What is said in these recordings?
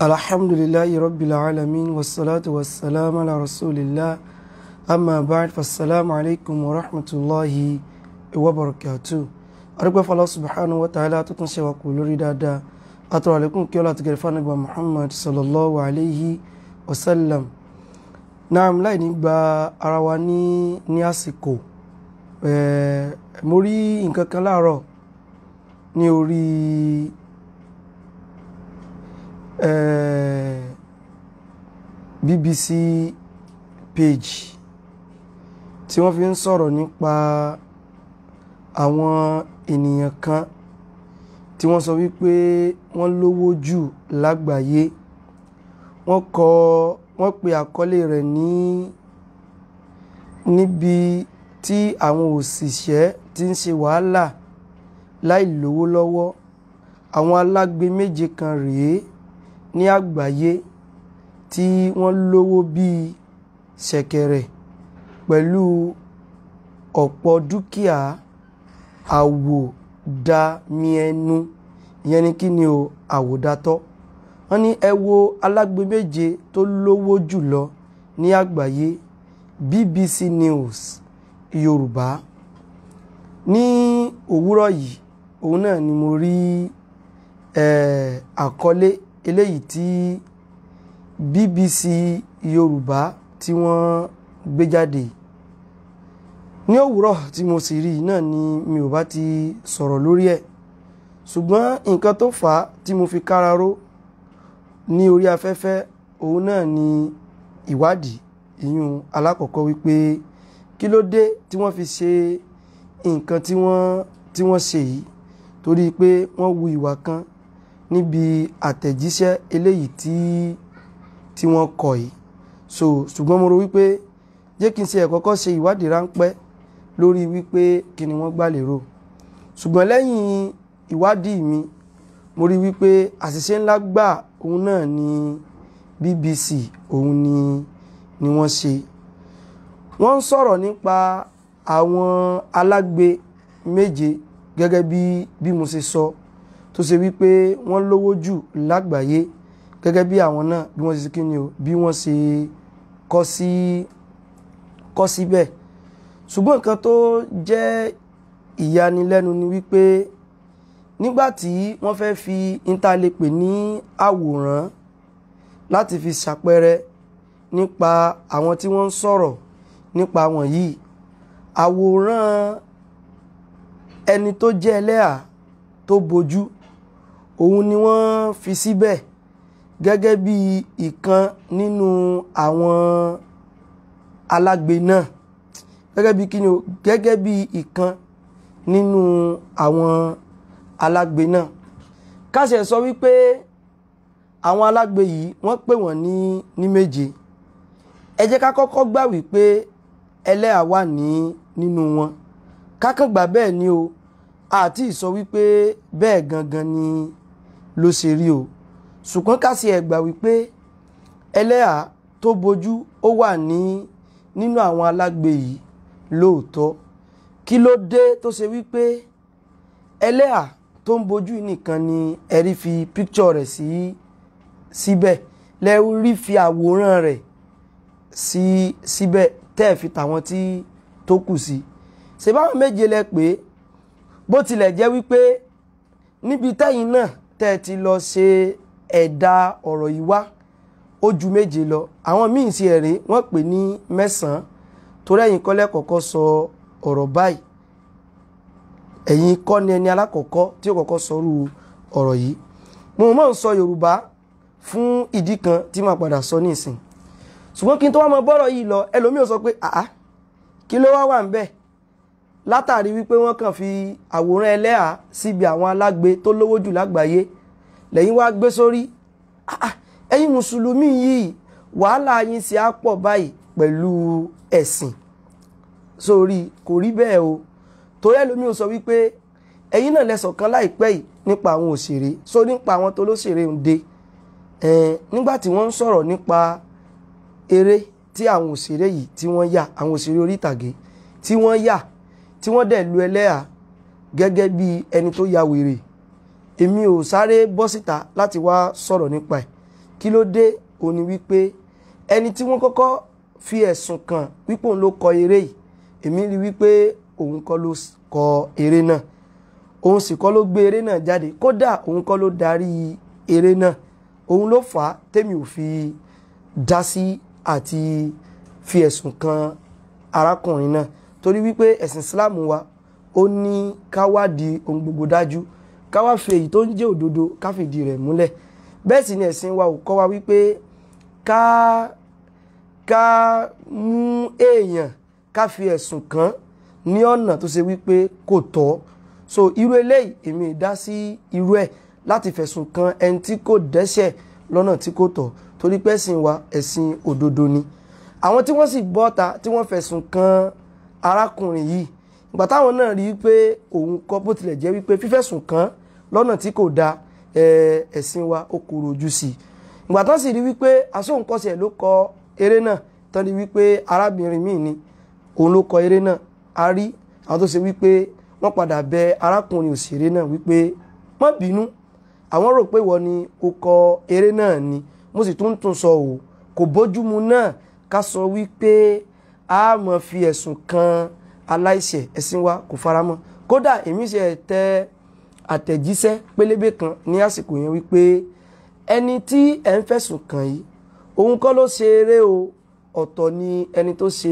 alhamdulillahi rabbil alamin wassalatu wassalamu ala rasulillah amma ba'd fassalamu alaikum wa rahmatullahi wa barakatuh arúgbó fọlọ́ subhanahu wa ta'ala tó tún ṣe wà kú lórí dáadáa àtọ̀rọ̀ àlékún kí ọlá àtìgẹ̀rẹ̀ fánàgbà muhammad sallallahu alayhi wa sallam naam láì ní gba ara wa ní ní àsìkò eh, mo rí nǹkan kan láàárọ̀ ní orí Eh, BBC page tí wọ́n fi ń sọ̀rọ̀ nípa àwọn ènìyàn kan tí wọ́n sọ wípé wọ́n lówó jù lágbàáyé wọ́n kọ wọ́n pe àkọlé rẹ̀ ní níbi tí àwọn òṣìṣẹ́ ti ń ṣe wàhálà láì lówó lọ́wọ́ àwọn alágbe méje kan rèé ní àgbáyé tí wọ́n lówó bíi ṣẹ̀kẹ̀rẹ̀ pẹ̀lú ọ̀pọ̀ dúkìá àwòdàmíẹnu ìyẹn ni kí ni o àwòdàtọ́ wọ́n ní ẹ wo alágbe méje tó lówó jùlọ ní àgbáyé BBC News Yorùbá ní òwúrọ̀ yìí òun náà ni mo rí àkọlé. Eh, eléyìí tí BBC Yorùbá tí wọ́n gbé jáde ní òwúrọ̀ tí mo sì rí náà ni mi ò bá ti sọ̀rọ̀ lórí ẹ̀ ṣùgbọ́n nǹkan tó fà á tí mo fi kára ró ní orí afẹ́fẹ́ òun náà ni ìwádìí ìyún alákọ̀ọ́kọ́ wípé kí ló dé tí wọ́n fi ṣe nǹkan tí wọ́n tí wọ́n ṣe yìí torí pé wọ́n wu ìwà kan níbi àtẹ̀jíṣẹ́ eléyìí tí tí wọ́n kọ yìí so ṣùgbọ́n mo rò wípé jẹ́ kí n ṣe ẹ̀kọ́kọ́ ṣe ìwádìí ráńpẹ́ lórí wípé kí ni wọ́n gbà ṣùgbọ́n lẹ́yìn ìwádìí mi mo rí wípé àṣìṣe ńlá gbà òun náà ni BBC òun ni ni wọ́n ṣe wọ́n ń sọ̀rọ̀ nípa àwọn alágbe méje gẹ́gẹ́ bí bí mo ṣe sọ so tó ṣe wípé wọ́n lówó jù lágbàáyé gẹ́gẹ́ bí àwọn náà bí wọ́n ṣe kí ni o bí wọ́n ṣe kọ́ sí kọ́ síbẹ̀ ṣùgbọ́n nǹkan tó jẹ́ ìyanilẹ́nu ni wípé nígbàtí wọ́n fẹ́ fi intalepè ní àwòrán láti fi ṣàpẹẹrẹ nípa àwọn tí wọ́n ń sọ̀rọ̀ nípa wọn yìí àwòrán ẹni tó jẹ́ ẹlẹ́à tó bojú òun ni wọ́n fi síbẹ̀ gẹ́gẹ́ bí ìkan nínú àwọn alágbe náà gẹ́gẹ́ bí kíni o gẹ́gẹ́ bí ìkan nínú àwọn alágbe náà káṣẹ̀ sọ wípé àwọn alágbe yìí wọ́n pè wọ́n ní ní méje ẹ jẹ́ ká kọ́kọ́ gbà wípé ẹlẹ́à wà ní nínú wọn kákàngbà bẹ́ẹ̀ ni o àti ìsọ wípé bẹ́ẹ̀ gangan ni. Gangan ni ló ṣe rí o ṣùgbọ́n ká sì ẹ̀gbà wípé ẹlẹ́à tó bojú ó wà ní nínú àwọn alágbe yìí lóòótọ́ kí ló dé tó ṣe wípé ẹlẹ́à tó ń bojú nìkan ni ẹ̀rí fi píkṣọ̀ rẹ̀ sí síbẹ̀ lẹ́rí fi àwòrán rẹ̀ sí síbẹ̀ tẹ́ ẹ̀ fi tàwọn tí tó kù sí ṣe báwọn méje lẹ pé bó tilẹ̀ jẹ́ wípé níbi tẹ́yìn náà tẹ́ ẹ ti lọ ṣe ẹ̀dà ọ̀rọ̀ yìí wá ó ju méje lọ àwọn míì sí ẹ̀rín wọ́n pè ní mẹ́sàn-án torí ẹ̀yin kọ́lẹ́ kọ̀ọ̀kan sọ ọ̀rọ̀ báyìí ẹ̀yin kọ́ ni ẹni alákọ̀ọ́kọ́ tí ó kọ́kọ́ sọrú ọ̀rọ̀ yìí mo máa ń sọ Yorùbá fún ìdí kan tí màá padà sọ ní ìsìn ṣùgbọ́n kí n tó wá mọ bọ́rọ̀ yìí lọ ẹlòmíì sọ pé àá kí ló wá wà ń bẹ́ẹ̀ látàrí wípé wọ́n kàn fi àwòrán ẹlẹ́hà síbi àwọn alágbe tó lówó jù lágbàáyé lẹ́yìn wá gbé sórí ẹ̀yin mùsùlùmí yìí wàhálà yín sì á pọ̀ báyìí pẹ̀lú ẹ̀sìn sórí kò rí bẹ́ẹ̀ o torí ẹlòmí ò sọ wípé ẹ̀yin náà lẹ́sọ̀ kan láìpẹ́ yìí nípa àwọn òṣèré sọ nípa àwọn tó lóṣèré ń de nígbà tí wọ́n ń sọ̀rọ̀ nípa eré tí àwọn òṣèré yìí tí wọ́n yà àwọn òṣèré orí tí wọ́n yà tí wọ́n dẹ̀ lu ẹlẹ́yà gẹ́gẹ́ bí ẹni tó ya wèrè èmi ò sáré bọ́ síta láti wá sọ̀rọ̀ nípa ẹ̀ kí ló dé òun ni wípé ẹni tí wọ́n kọ́kọ́ fi ẹ̀sùn kàn wípé òun ló kọ eré yìí èmi rí wípé òun kọ́ ló kọ eré náà òun sì kọ́ ló gbé eré náà jáde kódà òun kọ́ ló darí eré náà òun ló fà á tèmi ò fi dá sí àti fi ẹ̀sùn kàn arákùnrin náà torí wípé ẹ̀sìn Islam wa ó ní ká wádìí ohun gbogbo dájú ká wá fi èyí tó ń jẹ́ òdodo ká fìdí rẹ̀ múlẹ̀ bẹ́ẹ̀ sì ni ẹ̀sìn wa ò kọ́ wa wípé ká ká mú èèyàn ká fi ẹ̀sùn kàn ní ọ̀nà tó ṣe wípé kò tọ́ so irú eléyìí èmi dá sí irú ẹ̀ láti fẹ̀sùn kàn ẹni tí kò dẹ́ṣẹ̀ lọ́nà tí kò tọ́ torí pé ẹ̀sìn wa ẹ̀sìn òdodo ni àwọn tí wọ́n sì bọ́ta tí wọ́n fẹ̀sùn kàn arákùnrin yìí ìgbà táwọn náà rí i pé òun kọ́ bó tilẹ̀ jẹ́ wípé fífẹ̀sùn kàn lọ́nà tí kò da ẹ̀sìn wa ó kúrò ojú sí i ìgbà tán sì rí wípé asóhunkọ́sẹ̀ ló kọ eré náà tán rí wípé arábìnrin míì ni òun ló kọ eré náà a rí àwọn tó ṣe wípé wọ́n padà bẹ arákùnrin òṣèré náà wípé má bínú àwọn rò pé ìwọ ni o kọ eré náà ni mo sì tún tún sọ o kò bójúmu náà ká sọ wípé a mọ̀ fi ẹ̀sùn kan aláìṣẹ̀ ẹ̀sìn wa kò fara mọ́ kódà èmi ṣe tẹ àtẹ̀jíṣẹ́ pélébé kan ní àsìkò yẹn wípé ẹni tí ẹ ń fẹ̀sùn kàn yìí òun kọ́ ló ṣe eré o ọ̀tọ̀ ni ẹni tó ṣe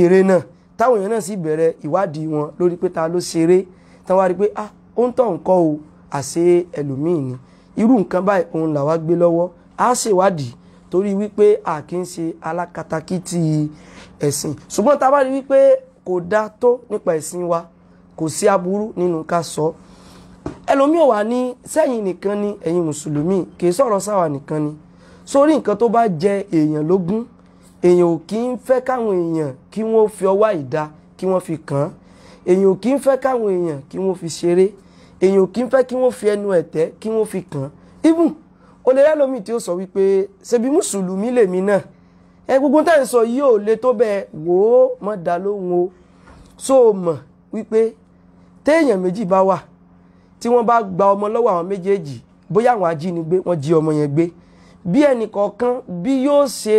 eré náà táwọn èèyàn náà sì bẹ̀rẹ̀ ìwádìí wọn lórí pé ta ló ṣeré táwọn wá rí pé ah ó ń tọ̀ nǹkan o àṣé ẹlòmíì ni irú nǹkan báyìí òun làwa gbé lọ́wọ́ á ṣèwádìí torí wípé a kì í ṣe alákatakítí ẹ̀sìn ṣùgbọ́n tá a bá rí wípé kò dá tó nípa ẹ̀sìn wa kò sí aburú nínú ká sọ ẹlòmíì wà ní sẹ́yìn nìkan ni ẹ̀yin mùsùlùmí kì í sọ̀rọ̀ sáwà nìkan ni sórí nǹkan tó bá jẹ èèyàn lógún èèyàn ò kì í fẹ́ káwọn èèyàn kí wọ́n fi ọwá ìdá kí wọ́n fi kàn èèyàn ò kì í fẹ́ káwọn èèyàn kí wọ́n fi ṣeré èèyàn ò kì í fẹ́ kí wọ́n fi ẹnu ẹ̀tẹ́ kí wọ́n fi kàn even ó lè rẹ́lómi tí ó sọ wípé ṣebí mùsùlùmí lèmi náà ẹ gbogbo tẹ́ ń sọ yìí ò lè tó bẹ́ẹ̀ wò ó mọ̀ dá lóhùn o so mọ̀ wípé téèyàn méjì bá wà tí wọ́n bá gba ọmọ lọ́wọ́ àwọn méjèèjì bóyá àwọn ajínigbé wọ́n jí ọmọ yẹn gbé bí ẹnì kọ̀ọ̀kan bí yóò ṣe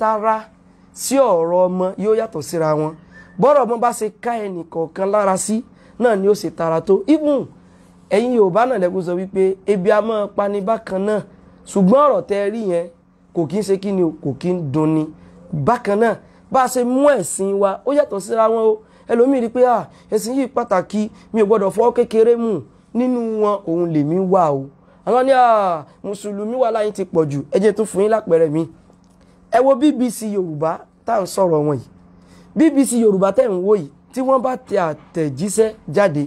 tara sí ọ̀rọ̀ ọmọ yóò yàtọ̀ síra wọn bọ́rọ̀ ọmọ bá ṣe ká ẹnì kọ̀ọ̀kan lára sí náà ni ó ṣe tara tó even ẹ̀yin yorùbá náà lẹ́kùn sọ wípé ebi a máa pani bákan náà ṣùgbọ́n ọ̀rọ̀ tẹ́ rí yẹn kò kí ń ṣe kí ni o kò kí ń dunni bákan náà bá a ṣe mú ẹ̀sìn wa ó yàtọ̀ síra wọn o ẹlòmíì rí pé à ẹ̀sìn yìí pàtàkì mi ò gbọ́dọ̀ fọ́ kékeré mù nínú wọn òun lèmi wà o àwọn ní à mùsùlùmí wà láyé ti pọ̀ jù ẹ tó fún yín lápẹẹrẹ mi ẹ wo BBC yorùbá tá à ń sọ̀rọ̀ wọn yìí BBC yorùbá tẹ̀ ń wò yìí tí wọ́n bá tẹ àtẹ̀jíṣẹ́ jáde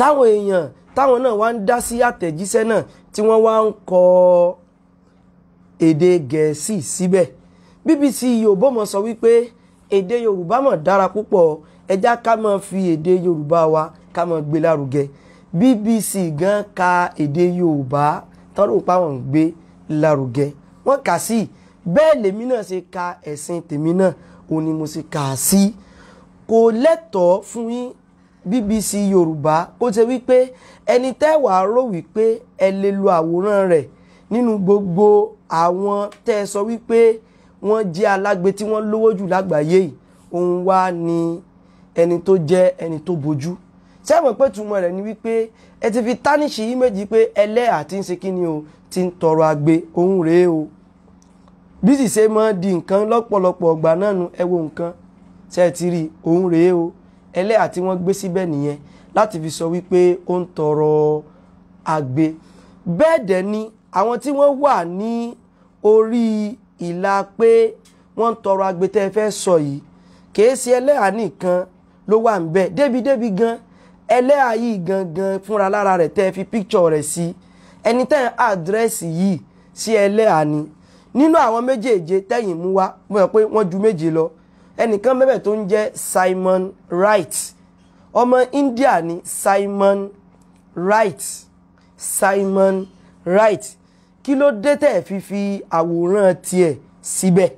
táwọn èèyàn táwọn náà wá ń dá sí àtẹ̀jíṣẹ́ náà tí wọ́n wá ń kọ èdè gẹ̀ẹ́sì síbẹ̀ BBC Yorùbá mọ̀ sọ wípé èdè Yorùbá mọ̀ dára púpọ̀ ẹjá ká mọ̀ fi èdè Yorùbá wa ká mọ̀ gbé lárugẹ BBC gan ka èdè Yorùbá tọ́rọ páwọn ń gbé lárugẹ wọ́n kà sí bẹ́ẹ̀ lèmi náà ṣe ka ẹ̀sìn tèmi náà òun ni mo ṣe kà sí kò lẹ́tọ̀ọ́ fún yín BBC Yorùbá kó ṣe wípé ẹni tẹ́wàá rò wípé ẹ lè lo àwòrán rẹ̀ nínú gbogbo àwọn tẹ́ ẹ sọ wípé wọ́n jẹ́ alágbe tí wọ́n lówó jù lágbàáyé yìí òun wá ni ẹni tó jẹ́ ẹni tó bojú sẹ́wọ̀n pé túmọ̀ rẹ̀ ni wípé ẹ ti fi tánìṣì ímẹ́jì pé ẹlẹ́à tí ń ṣe kí ni o ti ń tọrọ agbe òun rèé o bí sì ṣe máa di nǹkan lọ́pọ̀lọpọ̀ ọgbà náà nu ẹ wo nǹkan ṣe ti rí òun rèé o ẹlẹ́à tí wọ́n gbé síbẹ̀ nìyẹn láti fi sọ wípé ó ń tọrọ agbe bẹ́ẹ̀ dẹ̀ ni àwọn tí wọ́n wà ní orí ìlà pé wọ́n ń tọrọ agbe tẹ́ ẹ fẹ́ sọ yìí kìí ṣe ẹlẹ́à nìkan ló wà ń bẹ̀ débi débi gan ẹlẹ́à yìí gangan fúnra lára rẹ̀ tẹ́ ẹ fi píkṣọ̀ rẹ̀ sí ẹni tẹ́ ẹ àdírẹ́sì yìí sí ẹlẹ́à ni nínú àwọn méjèèje tẹ́yìn mú wá mo yàn pé wọ́n ju méje lọ ẹnìkan bẹ́bẹ̀ tó ń jẹ́ Simon Wright ọmọ India ni Simon Wright Simon Wright kí ló dé tẹ̀ fi fi àwòrán tiẹ̀ síbẹ̀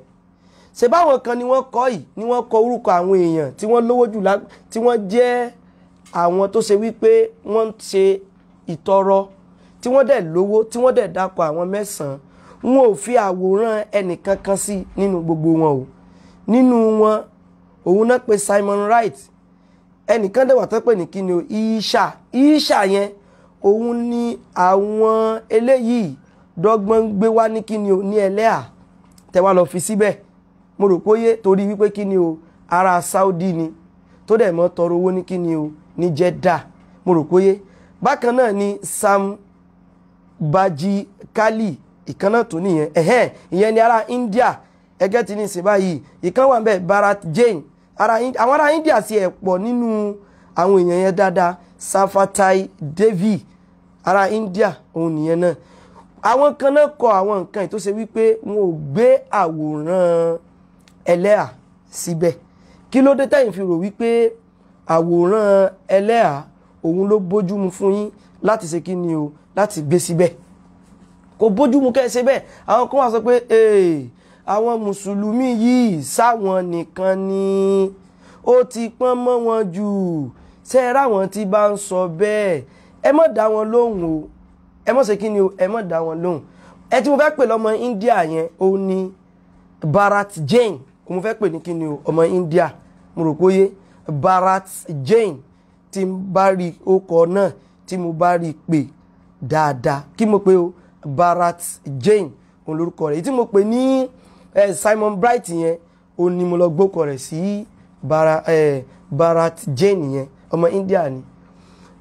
ṣe báwọn kan ni wọ́n kọ́ yìí ni wọ́n kọ orúkọ àwọn èèyàn tí wọ́n lówó jù lá tí wọ́n jẹ́ àwọn tó ṣe wípé wọ́n ń ṣe ìtọrọ tí wọ́n dẹ̀ lówó tí wọ́n dẹ̀ dákọ̀ àwọn mẹ́sàn-án wọn ò fi àwòrán ẹnìkankan sí nínú gbogbo wọn o nínú wọn òun náà pe Simon Wright ẹnìkan dẹ̀wà tó pè ní kíni o Isha Isha yẹn òun ni àwọn eléyìí dọ́gbọ́n gbé wá ní kíni o ní ẹlẹ́à tẹ́wá lọ fi síbẹ̀ mo rò pé yé torí wípé kíni o ara Saudi ni tó dẹ̀ mọ́ tọrọ owó ní kíni o ní Jeddah mo rò pé yé bákan náà ni Sam Baji Kali ìkan náà tó nìyẹn ẹ̀hẹ́n ìyẹn ni ara India ẹgẹ́ ti ní ìsìn báyìí ìkan wà bẹ́ẹ̀ Bharat Jain àwọn ará India sì ẹ̀ pọ̀ nínú àwọn èèyàn yẹn dáadáa Safatai Devi ara India òun nìyẹn náà àwọn kan náà kọ àwọn nǹkan tó ṣe wípé wọn ò gbé àwòrán ẹlẹ́à síbẹ̀ kí ló dé tẹ́yìn fi rò wípé àwòrán ẹlẹ́à òun ló bójúmu fún yín láti ṣe kí ni o láti gbé síbẹ̀ kò bójúmu kẹ́ ẹ ṣe bẹ́ẹ̀ àwọn kan wà sọ pé ee. Hey, àwọn mùsùlùmí yìí sáwọn nìkan ni ó ti pọ́n mọ́ wọn jù ṣe ráwọn tí bá ń sọ bẹ́ẹ̀ ẹ má dá wọn lóhùn o ẹ má ṣe kí ni o ẹ má dá wọn lóhùn ẹ tí mo fẹ́ pè lọ́mọ India yẹn ó ní Bharat Jain mo fẹ́ pè ní kí ni o ọmọ India mo rò póye Bharat Jain tí mo bá rí okọ̀ náà tí mo bá rí pè dáadáa kí mo pe o Bharat Jain òun lórúkọ rẹ̀ tí mo pè ní. Ni eh, Simon Bright yẹn ó ní mo lọ gbókọ rẹ̀ sí bara eh, Bharat Jain yẹn ọmọ India ni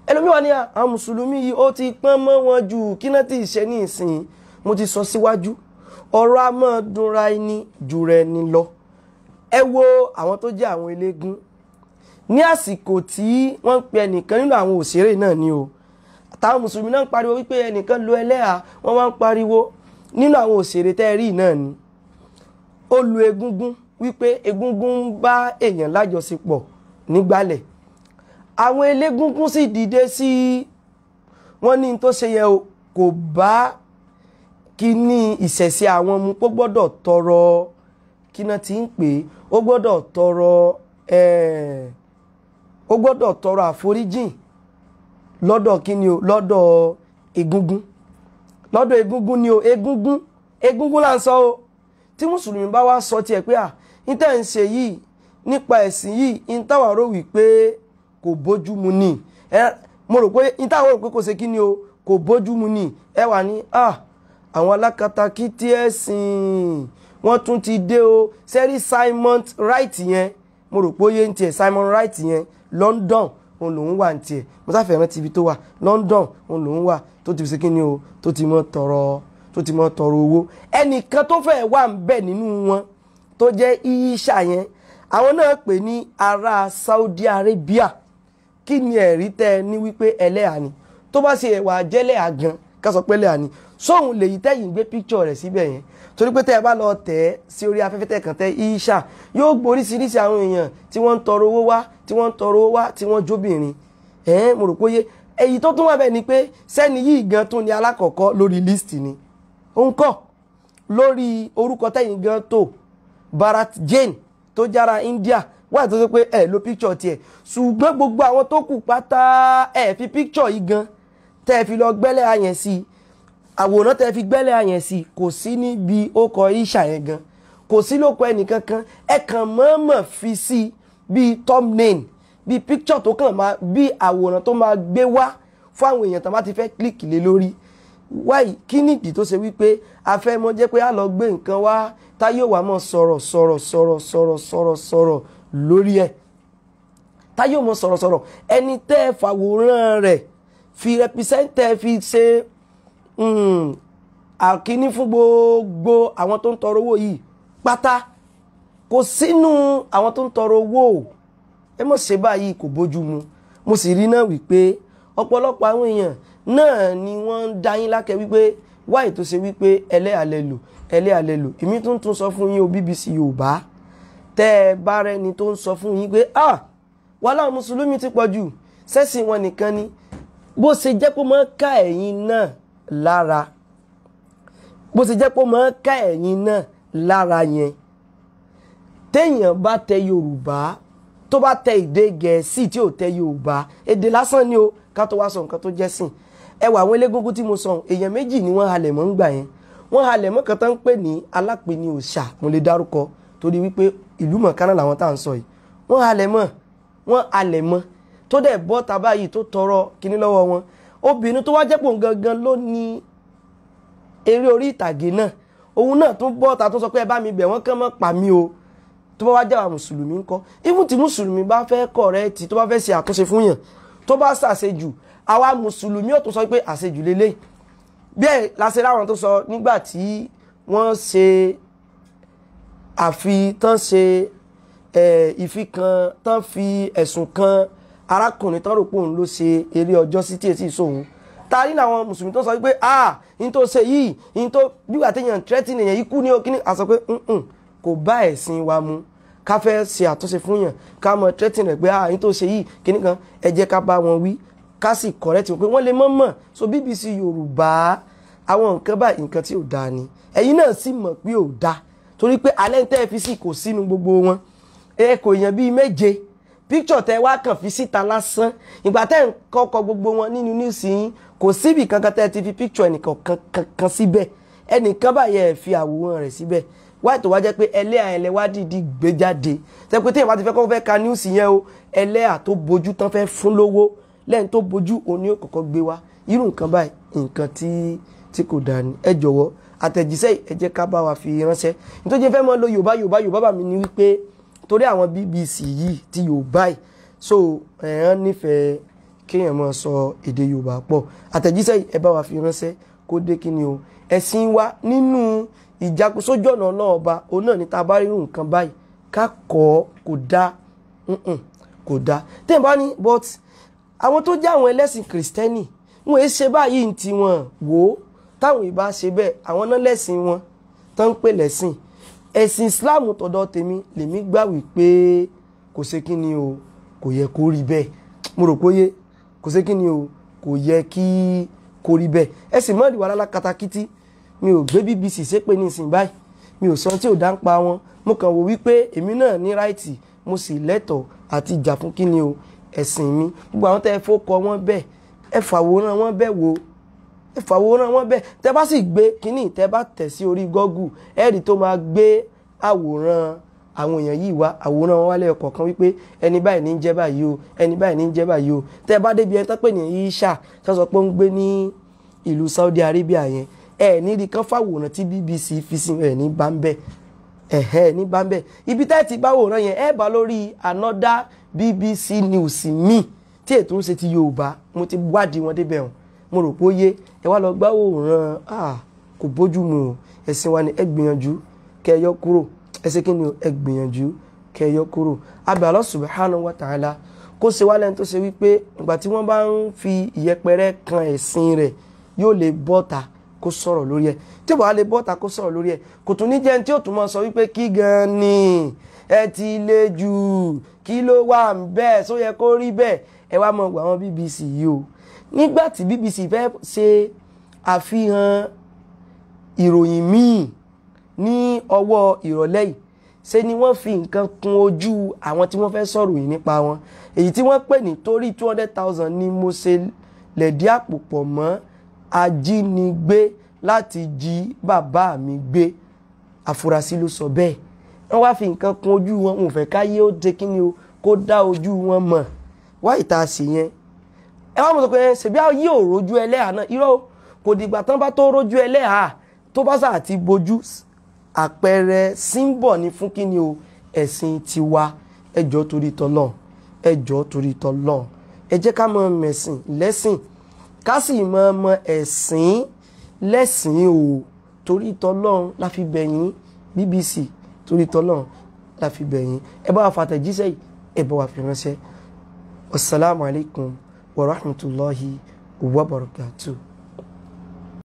ẹlòmíwá ni ah, àwọn mùsùlùmí yìí ó ti pọ́n mọ́ wọn ju kí náà ti ṣe ní ìsìn mo ti sọ síwájú ọ̀rọ̀ a ẹni jù rẹ ni lọ ẹ wo àwọn tó jẹ́ àwọn eléégún ní àsìkò tí wọ́n ń pe ẹnìkan nínú àwọn òṣèré náà ni o táwọn mùsùlùmí náà ń pariwo wípé ẹnìkan lo ẹlẹ́hà wọ́n wá ń pariwo nínú àwọn òṣèré tẹ́ náà ni. ó egungun wípé egungun ń bá èèyàn lájọṣepọ̀ nígbàlẹ̀ àwọn elégúngún sì dìde sí wọn ní tó ṣe yẹ kò bá kíní ìṣẹ̀ṣe àwọn mu kó gbọ́dọ̀ tọrọ kíná tí ń pè é ó gbọ́dọ̀ tọrọ eh, ó gbọ́dọ̀ tọrọ àforíjìn lọ́dọ̀ kíni o lọ́dọ̀ egungun lọ́dọ̀ egungun ni o egungun egungun là ń sọ o. tí mùsùlùmí bá wá sọ tiẹ̀ pé à ń tẹ̀ ń ṣe yìí nípa ẹ̀sìn yìí ń táwa rò wí pé kò bójú mu ni mo rò pé ń táwa rò pé kò ṣe kí ni o kò bójú mu ni ẹ wà ní à àwọn alákatakí tí ẹ̀sìn wọ́n tún ti dé o sẹ́rí Simon Wright yẹn mo rò pé ó yé ń tiẹ̀ Simon Wright yẹn London òun lòun wà ní tiẹ̀ mo sáfẹ́ rántí ibi tó wà London òun lòun wà tó ti fi ṣe kí ni o tó ti mọ́ tọrọ tó ti máa tọrọ owó ẹnìkan tó fẹ́ wà ń bẹ̀ nínú wọn tó jẹ́ iyíṣà yẹn àwọn náà pè ní ará Saudi Arabia kí ni ẹ̀rí tẹ́ ẹ ní wípé ẹlẹ́yà ni tó bá ṣe ẹ̀wà jẹ́lẹ́yà gan ká sọ pé ẹlẹ́yà ni sóhun lèyí tẹ́yìn gbé píkṣọ̀ rẹ̀ síbẹ̀ yẹn torí pé tẹ́ ẹ bá lọ tẹ̀ ẹ́ sí orí afẹ́fẹ́ tẹ́ kàn tẹ́ iyíṣà yóò gboríṣiríṣi àwọn èèyàn tí wọ́n ń tọrọ owó wá tí wọ́n ń tọrọ owó wá tí wọ́n jóbìnrin ẹ̀ẹ́n mo rò pé èyí tó tún wà bẹ́ẹ̀ ni pé sẹ́ni yìí gan tún ni alákọ̀ọ́kọ́ lórí líìsì ni ń kọ́ lórí orúkọ tẹ̀yìn gan tó Bharat Jain tó jára India wà tó ṣe pé ẹ lo picture tiẹ̀ ṣùgbọ́n gbogbo àwọn tó kù pátá ẹ fi picture yìí gan tẹ́ ẹ fi lọ gbẹ́lẹ̀ ayẹ̀ sí i àwòrán tẹ́ ẹ fi gbẹ́lẹ̀ ayẹ̀ sí i kò sí níbi ó kọ ìṣà yẹn gan kò sí lóko ẹnìkankan ẹ kàn mọ̀ọ́mọ̀ fi sí i bíi thumbnail bíi picture tó kàn máa bíi àwòrán tó máa gbé wá fún àwọn èèyàn tó bá ti fẹ́ kílìkì lé lórí Why kí nìdí tó ṣe wípé afẹ́mọ́ jẹ́ pé a lọ gbé nǹkan wá táyé wàá mọ̀ sọ̀rọ̀ sọ̀rọ̀ sọ̀rọ̀ sọ̀rọ̀ sọ̀rọ̀ sọ̀rọ̀ lórí ẹ̀ táyé mọ̀ sọ̀rọ̀ sọ̀rọ̀ ẹni tẹ́ ẹ fàwòrán rẹ̀ fi rẹpísẹ́ńtẹ́ fi ṣe hmm, àkíní fún gbogbo àwọn tó ń tọrọ owó yìí pátá kò sínú àwọn tó ń tọrọ owó ẹ mọ̀ ṣe báyìí kò bójú mu mo sì rí náà wípé ọ̀pọ̀lọpọ̀ àwọn èèyàn náà ni wọ́n ń dá yín lákẹ́ wípé wáyé tó ṣe wípé ẹlẹ́àlẹ́lò ẹlẹ́àlẹ́lò èmi tún tún sọ fún yín o BBC Yorùbá tẹ́ ẹ bá rẹni tó ń sọ fún yín pé ah wàhálà mùsùlùmí ti pọ̀ jù sẹ́sìn wọn nìkan ni bó ṣe jẹ́ pé máa ká ẹ̀yin náà lára bó ṣe jẹ́ pé máa ká ẹ̀yin náà lára yẹn téèyàn bá tẹ Yorùbá tó bá tẹ èdè Gẹ̀ẹ́sì tí ò tẹ Yorùbá èdè lásán ni o ká tó wá sọ nǹkan tó jẹ́ sìn ẹ wà àwọn elégúngún tí mo sọ èèyàn méjì ni wọ́n halẹ̀ mọ́ ń gbà yẹn wọ́n halẹ̀ mọ́ kan tó ń pè ní alápè ní òòṣà mo lè dárúkọ torí wípé ìlú mọ̀kánná làwọn tá à ń sọ yìí wọ́n halẹ̀ mọ́ wọ́n halẹ̀ mọ́ tó dẹ̀ bọ́ tàbá yìí tó tọrọ kíní lọ́wọ́ wọn obìnrin tó wá jẹ́ pò gangan ló ní eré orí ìtàgé náà òun náà tún bọ́ ta tún sọ pé ẹ bá mi bẹ̀ wọ́n kàn mọ́ pa mí o tó bá wá jẹ́ àwọn mùsùlùmí ńkọ́ even tí mùsùlùmí bá fẹ́ kọ̀ rẹ́ tí tó bá fẹ́ ṣe àtúnṣe fún yàn tó bá ṣàṣejù àwa mùsùlùmí ò tó sọ pé àṣejù lélẹ̀ bẹ́ẹ̀ láṣẹ láwọn tó sọ nígbà tí wọ́n ṣe àfitán ṣe ìfikàn tán fi ẹ̀sùn kan arákùnrin tán rò pé òun ló ṣe eré ọjọ́ sí tí èsì ìṣòwò tarí làwọn mùsùlùmí tó sọ wípé ah n tó ṣe yìí n tó bí wàá téèyàn tẹ́tì nìyẹn ikú ní okínní àsọ pé kò bá ẹ̀sìn wa mu ká fẹ́ ṣe àtúnṣe fún yàn ká mọ tẹ́tì rẹ̀ pé àyín ah, tó ṣe yìí kíní kan ẹ ká bá wọn wí ká sì kọ̀rẹ́tì wọn pé wọ́n lè mọ̀ mọ̀ so BBC Yorùbá àwọn nǹkan báyìí nǹkan tí ò dáa ni ẹ̀yin náà sì mọ̀ pé ò dáa torí pé alẹ́ tẹ́ ẹ fi sí kò sínú gbogbo wọn ẹ kò yàn bíi méje píkṣọ̀ tẹ wá kàn fi síta lásán ìgbà tẹ́ ń kọ́kọ́ gbogbo wọn nínú níìsì yín kò síbi kankan tẹ́ ti fi píkṣọ̀ ẹnìkan kankan síbẹ̀ ẹnìkan báyẹn fi àwòrán rẹ̀ síbẹ̀ wáyé tó wá jẹ́ pé ẹlẹ́à ẹlẹ́ wá dìdí gbé jáde tẹ́pẹ́ tẹ́yìn bá ti fẹ́ kọ́ fẹ́ ka news yẹn o ẹlẹ́à tó bojú tán fẹ́ fún lówó lẹ́yìn tó bojú òní ò kọ́kọ́ gbé wá irú nǹkan báyìí nǹkan tí tí kò dáa ni ẹ jọ̀wọ́ àtẹ̀jíṣẹ́ ẹ jẹ́ ká bá wa fi ránṣẹ́ nítorí fẹ́ mọ́ lo yorùbá yorùbá yorùbá bá mi ni wípé torí àwọn bbc yìí ti yorùbá yìí so ẹ̀hán nífẹ̀ẹ́ kéèyàn máa sọ èdè yorùbá pọ̀ àtẹ̀jíṣẹ́ ẹ bá wa fi ránṣẹ́ kó dé kí ni o ẹ̀sìn wa nínú ìjagun sójú ọ̀nà ọlọ́ọ̀ba òun náà ni ta bá rí nǹkan báyìí ká kọ́ kò dáa kò dáa téèyàn bá ní but àwọn tó jẹ́ àwọn ẹlẹ́sìn kìrìsìtẹ́nì wọn èé ṣe báyìí ní tiwọn wò ó táwọn ìbá ṣe bẹ́ẹ̀ àwọn náà lẹ́sìn wọn tó ń pè lẹ́sìn ẹ̀sìn Islam tọ̀dọ̀ tèmi lèmi gbà wípé kò ṣe kí ni o kò yẹ kó rí bẹ́ẹ̀ mo rò pé kò ṣe kí ni o kò yẹ kí kó rí bẹ́ẹ̀ ẹ̀sìn mọ́ọ̀dì wà lálákatakítí mi o gbé bbc ṣépè ní ìsìn báyìí mi o sọ tí ò dá ń mo kàn wò wípé èmi náà ní ráìtì mo si leto ati ìjà fún kí o ẹ̀sìn mi gbogbo àwọn tẹ́ ẹ fọ́kọ wọn bẹ́ẹ̀ ẹ fàwòrán wọn bẹ́ẹ̀ wò ẹ fàwòrán wọn bẹ́ẹ̀ tẹ́ bá sì gbé kínní tẹ́ te tẹ̀ sí orí Google ẹ̀rí tó máa gbé àwòrán àwọn èèyàn yìí wá àwòrán wọn wálé ọkọ̀ kan wípé ẹni báyìí ní ń jẹ́ báyìí o ẹni báyìí ní ń jẹ́ báyìí o tẹ́ bá débi ẹni tó ní Isha tó sọ pé ń gbé ní ìlú Saudi Arabia yẹn ẹ̀ ní rí kán fàwòrán tí BBC fi sí ẹ̀ ní bá ń bẹ̀ ẹ̀hẹ́ ní bá ń bẹ̀ ibi ti bá wòrán yẹn ẹ̀ bá lórí another BBC news mi tí ètò ń ṣe ti Yorùbá mo ti wádìí wọn débẹ̀ hàn mo rò pé ó yé ẹ wá lọ gbá wòrán kò bójú mu ẹ̀sìn wa ni ẹ gbìyànjú kẹ yọ kúrò ẹ kí ni ẹ gbìyànjú kẹ yọ kúrò abẹ Allah subhanahu wa ta'ala kó ṣe wá lẹ́nu tó ṣe wípé ìgbà tí wọ́n bá ń fi ìyẹpẹrẹ kan ẹ̀sìn rẹ̀ yóò lè bọ́ta kó sọ̀rọ̀ lórí ẹ̀ tí wàá lè bọ́ta kó sọ̀rọ̀ lórí ẹ̀ kò tún ní jẹun tí ó tún máa sọ wípé kí gan ni ẹ ti le jù kí ló wà ń bẹ́ẹ̀ só yẹ kó rí bẹ́ẹ̀ ẹ wá mọ̀ wà wọn BBC yìí o nígbà tí BBC fẹ́ ṣe àfihàn ìròyìn míì ní ọwọ́ ìrọ̀lẹ́ yìí ṣe ni wọ́n fi nǹkan kun ojú àwọn tí wọ́n fẹ́ sọ̀rọ̀ yìí nípa wọn èyí tí wọ́n pè ní torí two hundred thousand ni mo ṣe lẹ̀dí àpò pọ̀ mọ́ ajínigbé láti jí bàbá mi gbé àfúrásì ló sọ bẹ́ẹ̀ wọ́n wá fi nǹkan kun ojú wọn wọn ò fẹ́ káyé ó de kí ni o kó dá ojú wọn mọ̀ wá ìta sí yẹn ẹ wá mọ̀ sọ pé ṣèbí ayé ò rojú ẹlẹ́hà náà irọ́ kò dìgbà tán bá tó rojú ẹlẹ́hà tó bá sáà ti bojú àpẹẹrẹ símbọ̀ ni fún kí ni o ẹ̀sìn tiwa ẹjọ́ torí tọ́lọ̀ ẹjọ́ torí tọ́lọ̀ ẹ jẹ́ ká mọ̀ mẹ̀sìn lẹ́sìn ká sì mọ ọmọ ẹ̀sìn lẹ́sìn o torí tọlọ́run la fi bẹ̀yìn BBC torí tọlọ́run la fi bẹ̀yìn ẹ bá wa fàtẹ̀jíṣẹ́ yìí ẹ bá wa fi ránṣẹ́ wasalaamualeykum wa rahmatulahi wa barakatuh.